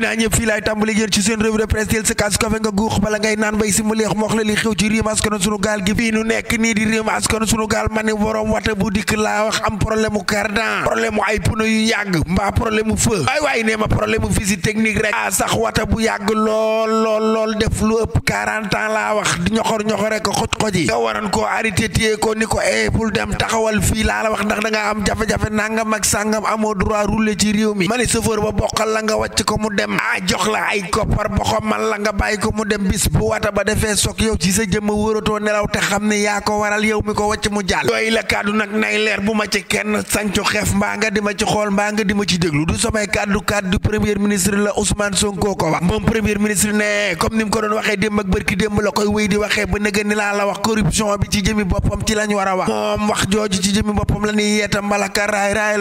naa ñëpp fii laay tàmbali yéen ci seen revue de presse teel sa kaas kafe nga guux bala ngay naan bay si mu leex moox la xew ci réew askan sunu gaal gi fii nu nekk nii di réew askan sunu gaal ma ni borom wata bu dikk laa wax am problème mu cardan problème mu ay pneu yu yàgg mbaa problème mu feu waay waay nee ma problème technique rek ah sax wata bu yàgg lool lool def lu ëpp 40 laa wax ñoxor ñoxor rek xoj xoji nga eh, nga am ko mu dem dem ah jox la ay koppar boxom man la nga bàyyi ko mu dem bis bu wata ba defee soog yow ci sa jëmm wëratoo nelaw te xam ne yaa ko waral yow mi ko wàcc mu jàll yooyu la kàddu nag nay leer bu ma ci kenn sanco xeef mbaa nga di ma ci xool mbaa nga di ma ci déglu du samay kàddu kàddu premier ministre la Ousmane Sonko ko wax moom premier ministre ne comme ni mu ko doon waxee démb ak bërki démb la koy wéy di waxee ba nëgë ni laa la wax corruption bi ci jëmmi boppam ci lañ war a wax wax jooju ci jëmi boppam la ñuy yeeta mbalaka raay raay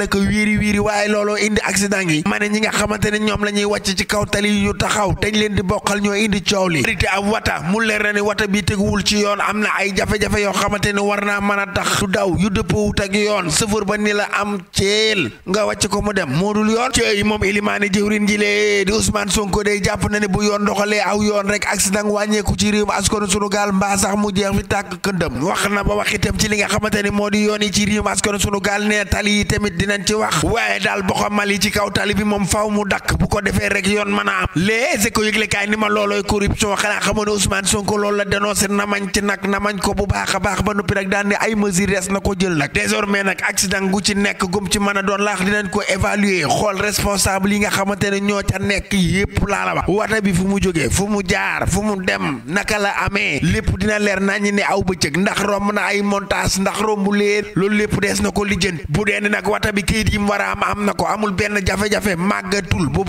waaye looloo indi accident yi ma ne ñi nga xamante ne ñoom la ñuy wàcc ci kaw tali yi ñu taxaw dañ leen di bokkal ñoo indi coow li arrêté ab wata mu leer na ni wata bi teguwul ci yoon am na ay jafe-jafe yoo xamante ni war naa mën a tax du daw yu dëppawut ak yoon sëfër ba ni la am ceel nga wàcc ko mu dem moo dul yoon ci moom ilimaani jëwrin ji lee di Ousmane Sonko day jàpp na ni bu yoon doxalee aw yoon rek accident wàññeeku ci réew askanu sunu gaal mbaa sax mu jeex fi tàkk këndëm wax na ba wax itam ci li nga xamante ni moo di yoon yi ci réew askanu sunu gaal ne tali yi tamit dinañ wax waaye daal boxamal yi ci kaw tali bi moom faw mu dakk bu ko defee rek ñetti yoon mën a am léegi ko yëglekaay ni ma loolooy corruption xanaa xamoon ne Ousmane Sonko loolu la dénoncé namañ ci nag namañ ko bu baax a baax ba noppi rek daan ne ay mesures des na ko jël nag désormais nag accident gu ci nekk gum ci mën a doon laax dinañ ko évaluer xool responsable yi nga xamante ne ñoo ca nekk yépp laa la wax wata bi fu mu jógee fu mu jaar fu mu dem naka la amee lépp dina leer nañu ni aw bëccëg ndax romb na ay montage ndax romb leen loolu lépp dees na ko lijjanti bu dee nag wata bi kayit yi mu war a am am na ko amul benn jafe-jafe màggatul bu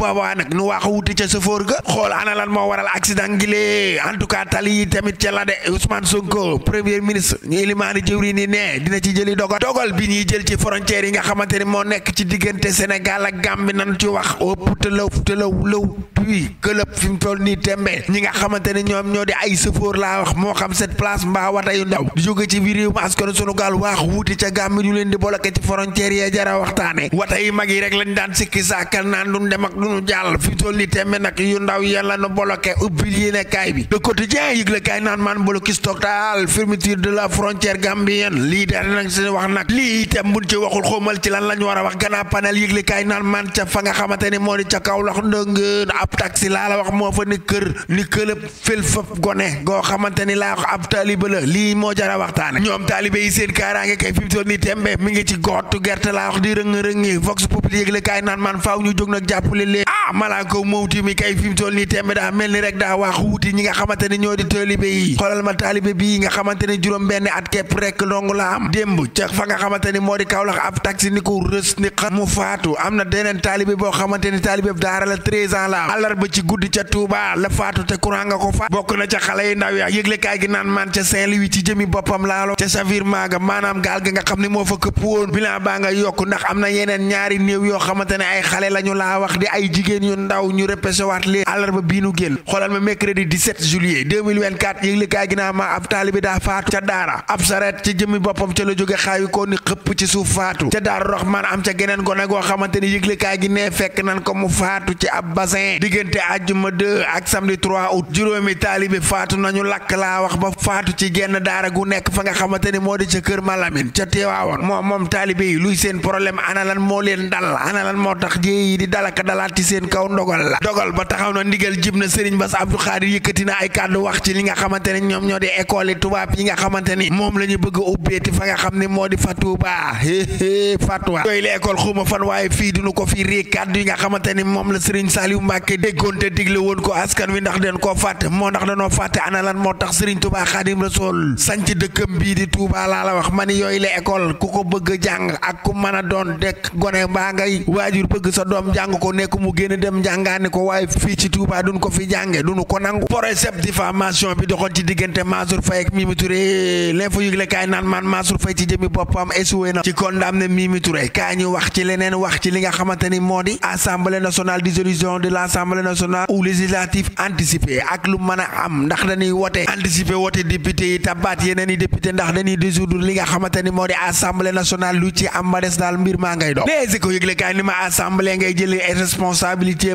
wax wuti ca chauffeur ga xool ana lan moo waral accident gi lee en tout cas tali yi tamit ca la de Ousmane Sonko premier ministre ñu ilimaani jëwri ni ne dina ci jëli dogal dogal bi ñuy jël ci frontière yi nga xamante ni moo nekk ci diggante Sénégal ak Gambie nan ci wax ëpp tëlaw tëlaw lëw puis këlëb fi mu toll nii tembee ñi nga xamante ne ñoom ñoo di ay chauffeur laa wax moo xam cette place mbaa wata yu ndaw di jóge ci biir réew mi askan sunu gaal waax wuuti ca Gambie ñu leen di bloqué ci frontière yee jara waxtaane wata yi mag yi rek lañ daan sikki saakal naan duñ dem ak duñu toll nii tembe nag yu ndaw yàlla nu bloqué ubbil yéene kaay bi le quotidien yëgle kaay naan maan blocus total fermeture de la frontière gambienne lii daal nag seen wax nag lii itam buñ ci waxul xóomal ci lan lañ war a wax gannaaw panel yëgle kaay naan maan ca fa nga xamante moo di ca kaw lax ndëngën ab taxi laa la wax moo fa ni kër ni këlëb fël fëp gone goo xamante ni laa wax ab taaliba la lii moo jara waxtaane ñoom taalibe yi seen kaaraange ngi ci gootu ko mawti mi kay fi mu toll nii tembe daa mel ni rek daa waax wuti ñi nga xamante ñoo di taalibe yi xoolal ma taalibe bii nga xamante juróom benn at kepp rek ndongu la am démb ca fa nga xamante ni moo di Kaolack ab taxi ni ko rës ni xa faatu am na deneen taalibe boo xamante ni taalibe daara la 13 ans la am àllarba ci guddi ca Touba la faatu te courant nga ko faat bokk na ca xale yi ndaw ya yëglekaay gi naan man ca Saint-Louis ci jëmi boppam ga maanaam gaal ga moo fa këpp woon bilan na yeneen ñaari néew yoo xamante ne ay xale lañu laa wax di ay jigéen yu daaw ñu repêché waat leen àllarba bii nu la jóge xaayu ko ni xëpp ci suuf faatu ca daaru raxmaan ni moo di ca kër Malamine ca teewaawoon leen dal ana lan moo tax jéey yi di dalaka dalaat ci seen kaw dogal la dogal ba taxaw na ndigal jib na sëriñ Bass Abdou Khadre yëkkati na ay kàddu wax ci li nga xamante ne ñoom ñoo di école yi tubaab yi nga xamante ni moom la ñu bëgg a moo di fa Tuuba hé Fatwa yooyu la école xuma fan waaye fii ko fii rée kàddu yi nga xamante ni moom la sëriñ Saliou Mbacke déggoon te digle woon ko askan wi ndax den koo fàtte moo ndax danoo fàtte ana lan moo tax sëriñ Tuuba Xaadim Rasuul sanc dëkkam bii di Tuuba laa la wax ma ni yooyu la école ku ko bëgg a jàng ak ku a doon dekk gone mbaa ngay waajur bëgg sa doom jàng ko nekk mu génn dem jàngaane ko waaye fii ci Touba duñ ko fi jànge duñu ko nangu procès diffamation bi doxoon ci diggante Mansour Faye ak Mimi Touré l'info yëgle kaay naan man Mansour Faye ci jëmi boppam essuwee na ci condamné Mimi Touré kaay ñu wax ci leneen wax ci li nga xamante moo di assemblée nationale dissolution de l'assemblée nationale ou législative anticipée ak lu mën am ndax dañuy wote anticipé wote député yi tabaat yeneen i député ndax dañuy dissoudre li nga xamante ni moo di assemblée nationale lu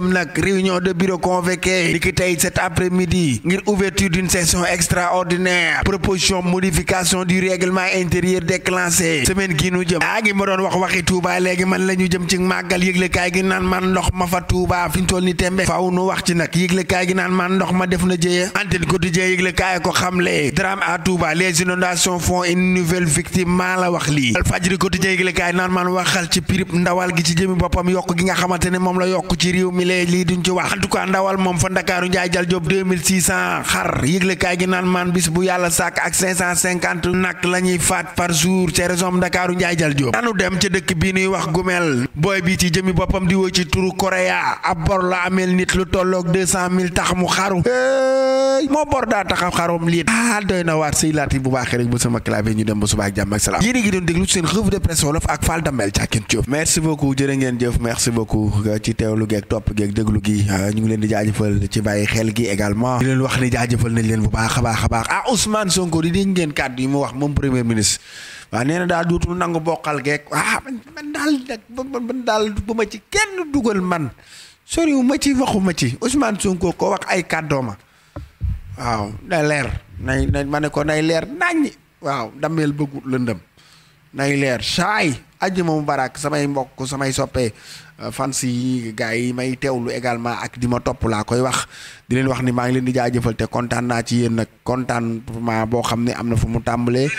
jëm nag réunion de bureau convoqué niki tey cet après-midi ngir ouverture d'une session extraordinaire proposition modification du règlement intérieur déclenché semaine gi nu jëm aa ngi ma doon wax waxi Touba léegi man la ñu jëm ci màggal yëglekaay gi naan man ndox ma fa Touba fi ñu toll ni tembe faaw nu wax ci nag yëglekaay gi naan man ndox ma def na jëye antenne quotidien yëglekaay ko xamle drame a Touba les inondations font une nouvelle victime maa la wax lii Walfadjri quotidien yëglekaay naan man waxal ci loolee lii duñ ci wax en tout cas ndawal moom fa ndakaaru njaay jal job 2600 xar gi naan maan bis bu yàlla sàkk ak 550 nag faat par jour ca région ndakaaru njaay jal nanu dem ca dëkk bii nuy wax gumel booy bi ci jëmi boppam di woo ci turu korea ab bor la ameel nit lu tolloog 200 tax mu xaru moo bor daa a xarom liit ah doy na waar sëy laati bu baaxee rek ba sama clavier ñu dem ba suba jàmm ak salaam yéen a ngi doon déglu seen revue de bi ak déglu gi ah, ñu ngi leen di jaajëfal ci bàyyi xel gi également di leen wax ni jaajëfal nañ leen bu baax a baax a baax ah Ousmane Sonko di dégg ngeen kàddu yi mu wax moom premier ministre waaw nee na daal dootul nangu bokkal geek ah man man daal nag man daal bu ma ci kenn dugal man soriwu ma ci waxuma ci Ousmane Sonko ko wax ay kàddooma waaw na leer nay na ma ne ko nay leer naññi waaw dameel bëggu lëndëm nay leer saay mu baraak samay mbokk samay soppee euh, fans yi gaa yi may teewlu également ak di ma topp laa koy wax di leen wax ni maa ngi leen di jaajëfal te kontaan naa ci yéen kontaan contentement boo xam ne am na fu mu tàmbalee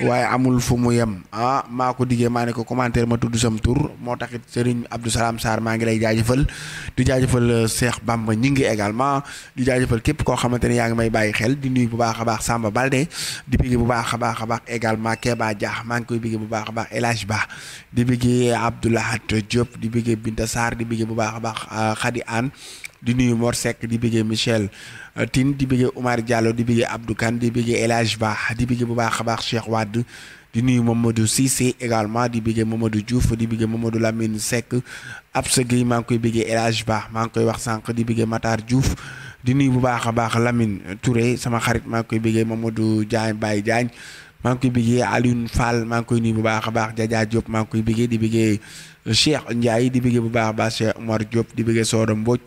waaye amul fu mu yem ah maa ko diggee maa ne ko commentaire ma tudd sam tur moo taxit Serigne Abdou Salam Sarr maa ngi lay jaajëfal di jaajëfal euh, Cheikh Bamba ñi ngi également di jaajëfal képp koo xamante ne yaa ngi may bàyyi xel di nuy bu baax a baax Samba Balde di bigge bu baax a baax a baax également Keba Dia maa ngi koy bigge bu baax a baax El Hadj di bëggee Abdoulahat Diop di bëggee Binta Sarr di bëggee bu baax a baax Khady ann di nuyu Mor Seck di bëggee Michel Tine di bëggee Oumar Diallo di bëggee Abdou Kane di bëggee El Hadj Ba di bëggee bu baax a baax Cheikh Wade di nuyu Mamadou Cissé également di bëggee Mamadou Diouf di bëggee Mamadou Lamine Seck Absa Gueye maa ngi koy bëggee El Hadj Ba maa ngi koy wax sànq di bëggee mataar Diouf di nuy bu baax a baax Lamine Touré sama xarit maa ngi koy bëggee Mamadou Diagne Baye Diagne maa ngi koy biggee Alioune Fall maa ngi bu baax a baax Jaja Diop maa ngi koy biggee di biggee Cheikh Ndiaye di bëggee bu baax a baax Cheikh Omar Diop di bëggee Soda Mbodj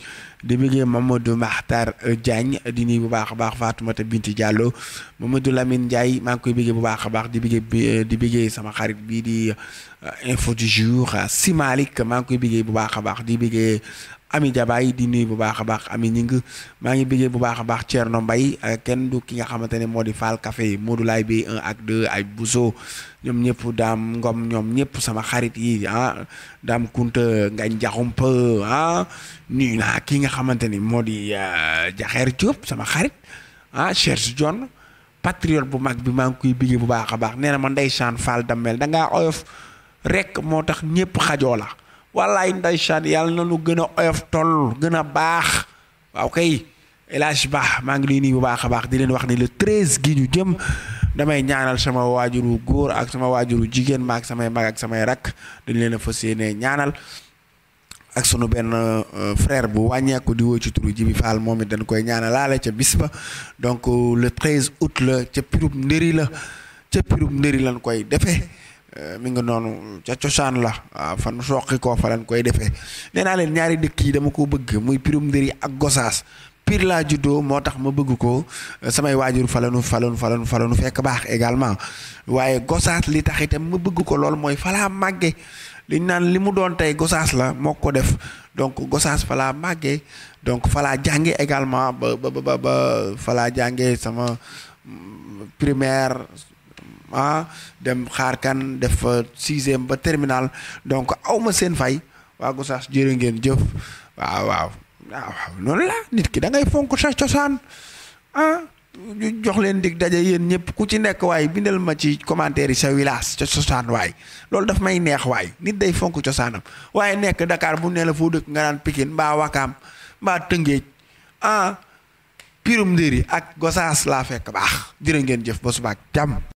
di bëggee Mamadou Makhtar Diagne di nuy bu baax a baax Fatoumata Binti Diallo Mamadou Lamine Ndiaye maa ngi koy bëggee bu baax a baax di bëggee di bëggee sama xarit bii di euh, info du jour si Malick maa koy bëggee bu baax a baax di bëggee Ami Jabaay di nuy bu baax a baax Ami Ñing maa ngi bëggee bu baax a baax Thierno Mbaye euh, kenn du ki nga xamante ne moo di Fall Café Modou Laye bi 1 ak 2 ay Bousso ñoom ñëpp daam ngom ñoom ñëpp sama xarit yi ah daam kunta ngañ jaxumpa ah naa ki nga xamante ni moo di jaxeer euh, Diop sama xarit ah Cheikh John patriote bu mag bi maa ngi koy bigee bu baax a baax nee na ma ndeysaan Fall Damel da ngaa oyof rek moo tax ñëpp xajoo la wallaay ndeysaan yàlla na lu gën a oyof toll gën a baax waaw kay El Hadj maa ngi lay nuyu bu baax a baax di leen wax ni le 13 gi ñu jëm. damay ñaanal sama waajuru góor ak sama waajuru jigéen ma ak samay mag ak samay rakk dañ leen a fa yéenee ñaanal ak sunu benn euh, frère bu wàññeeku di woo ci turu Jibi Fall moom it dañ koy ñaanalaale ca bis ba donc euh, le 13 août la ca pirub ndëri la ca pirub ndëri lañ koy defee euh, mi nga noonu ca cosaan la waaw fan soqi koo fa lañ koy defee nee naa leen ñaari dëkk yi dama ko bëgg muy pirub ndëri ak gosaas Pire laa juddoo moo tax ma bëgg ko samay waajur falanu falanu falanu nu fekk baax également waaye gosaas li tax itam ma bëgg ko lool mooy falaa màgge liñ naan li mu doon tey gosaas la moo ko def donc gosaas falaa màgge donc falaa jànge également ba ba ba falaa jànge sama mm, primaire ah dem xaar kan def fa sixième ba terminal donc awma seen fay waa gosaas jërë ngeen jëf waaw waaw waaw loolu la nit ki da ngay fonk sa cosaan ah jox leen dig daje yéen ñëpp ku ci nekk waaye bindal ma ci commentaire yi sa village ca cosaan waay loolu daf may neex waay nit day fonk cosaanam waaye nekk Dakar bu nee la foo dëkk nga naan Pikine mbaa Wakaam mbaa Tëngéej ah pirum ndëri ak Gosaas laa fekk baax jërë ngeen jëf ba subaak jàmm